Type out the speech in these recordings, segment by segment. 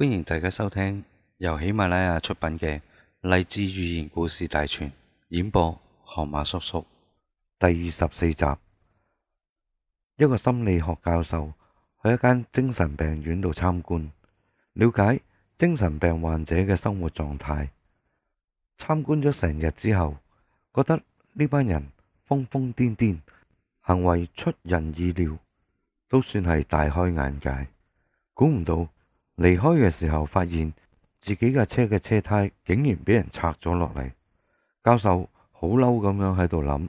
歡迎大家收聽由喜馬拉雅出品嘅《勵志寓言故事大全》演播，河馬叔叔第二十四集。一個心理學教授去一間精神病院度參觀，了解精神病患者嘅生活狀態。參觀咗成日之後，覺得呢班人瘋瘋癲癲，行為出人意料，都算係大開眼界。估唔到。離開嘅時候，發現自己嘅車嘅車胎竟然俾人拆咗落嚟。教授好嬲咁樣喺度諗，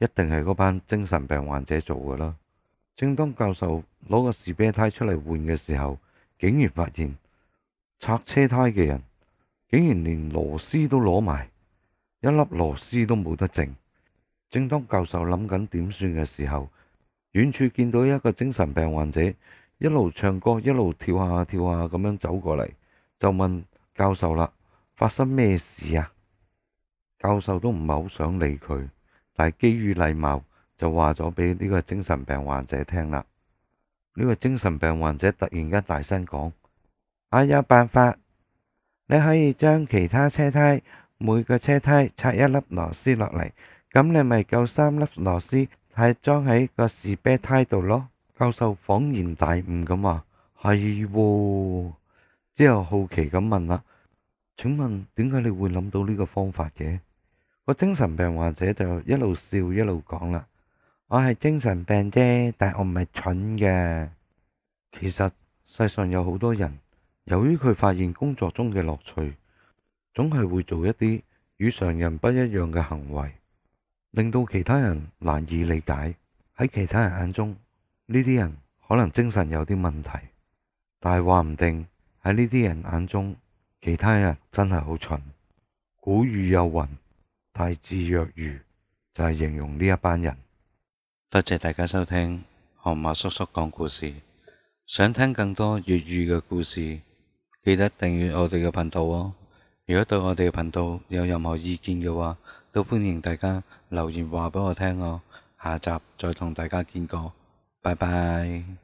一定係嗰班精神病患者做嘅啦。正當教授攞個士啤胎出嚟換嘅時候，竟然發現拆車胎嘅人竟然連螺絲都攞埋，一粒螺絲都冇得剩。正當教授諗緊點算嘅時候，遠處見到一個精神病患者。一路唱歌，一路跳下跳下咁樣走過嚟，就問教授啦：發生咩事啊？教授都唔係好想理佢，但係基於禮貌就話咗俾呢個精神病患者聽啦。呢個精神病患者突然間大聲講：，我有辦法，你可以將其他車胎每個車胎拆一粒螺絲落嚟，咁你咪夠三粒螺絲係裝喺個士啤胎度咯。教授恍然大悟咁話：，係哦，之後好奇咁問啦，請問點解你會諗到呢個方法嘅？個精神病患者就一路笑一路講啦：，我係精神病啫，但我唔係蠢嘅。其實世上有好多人，由於佢發現工作中嘅樂趣，總係會做一啲與常人不一樣嘅行為，令到其他人難以理解。喺其他人眼中。呢啲人可能精神有啲問題，但係話唔定喺呢啲人眼中，其他人真係好蠢。古語有云“大智若愚”，就係、是、形容呢一班人。多謝大家收聽河馬叔叔講故事。想聽更多粵語嘅故事，記得訂閱我哋嘅頻道。哦！如果對我哋嘅頻道有任何意見嘅話，都歡迎大家留言話俾我聽。哦！下集再同大家見過。拜拜。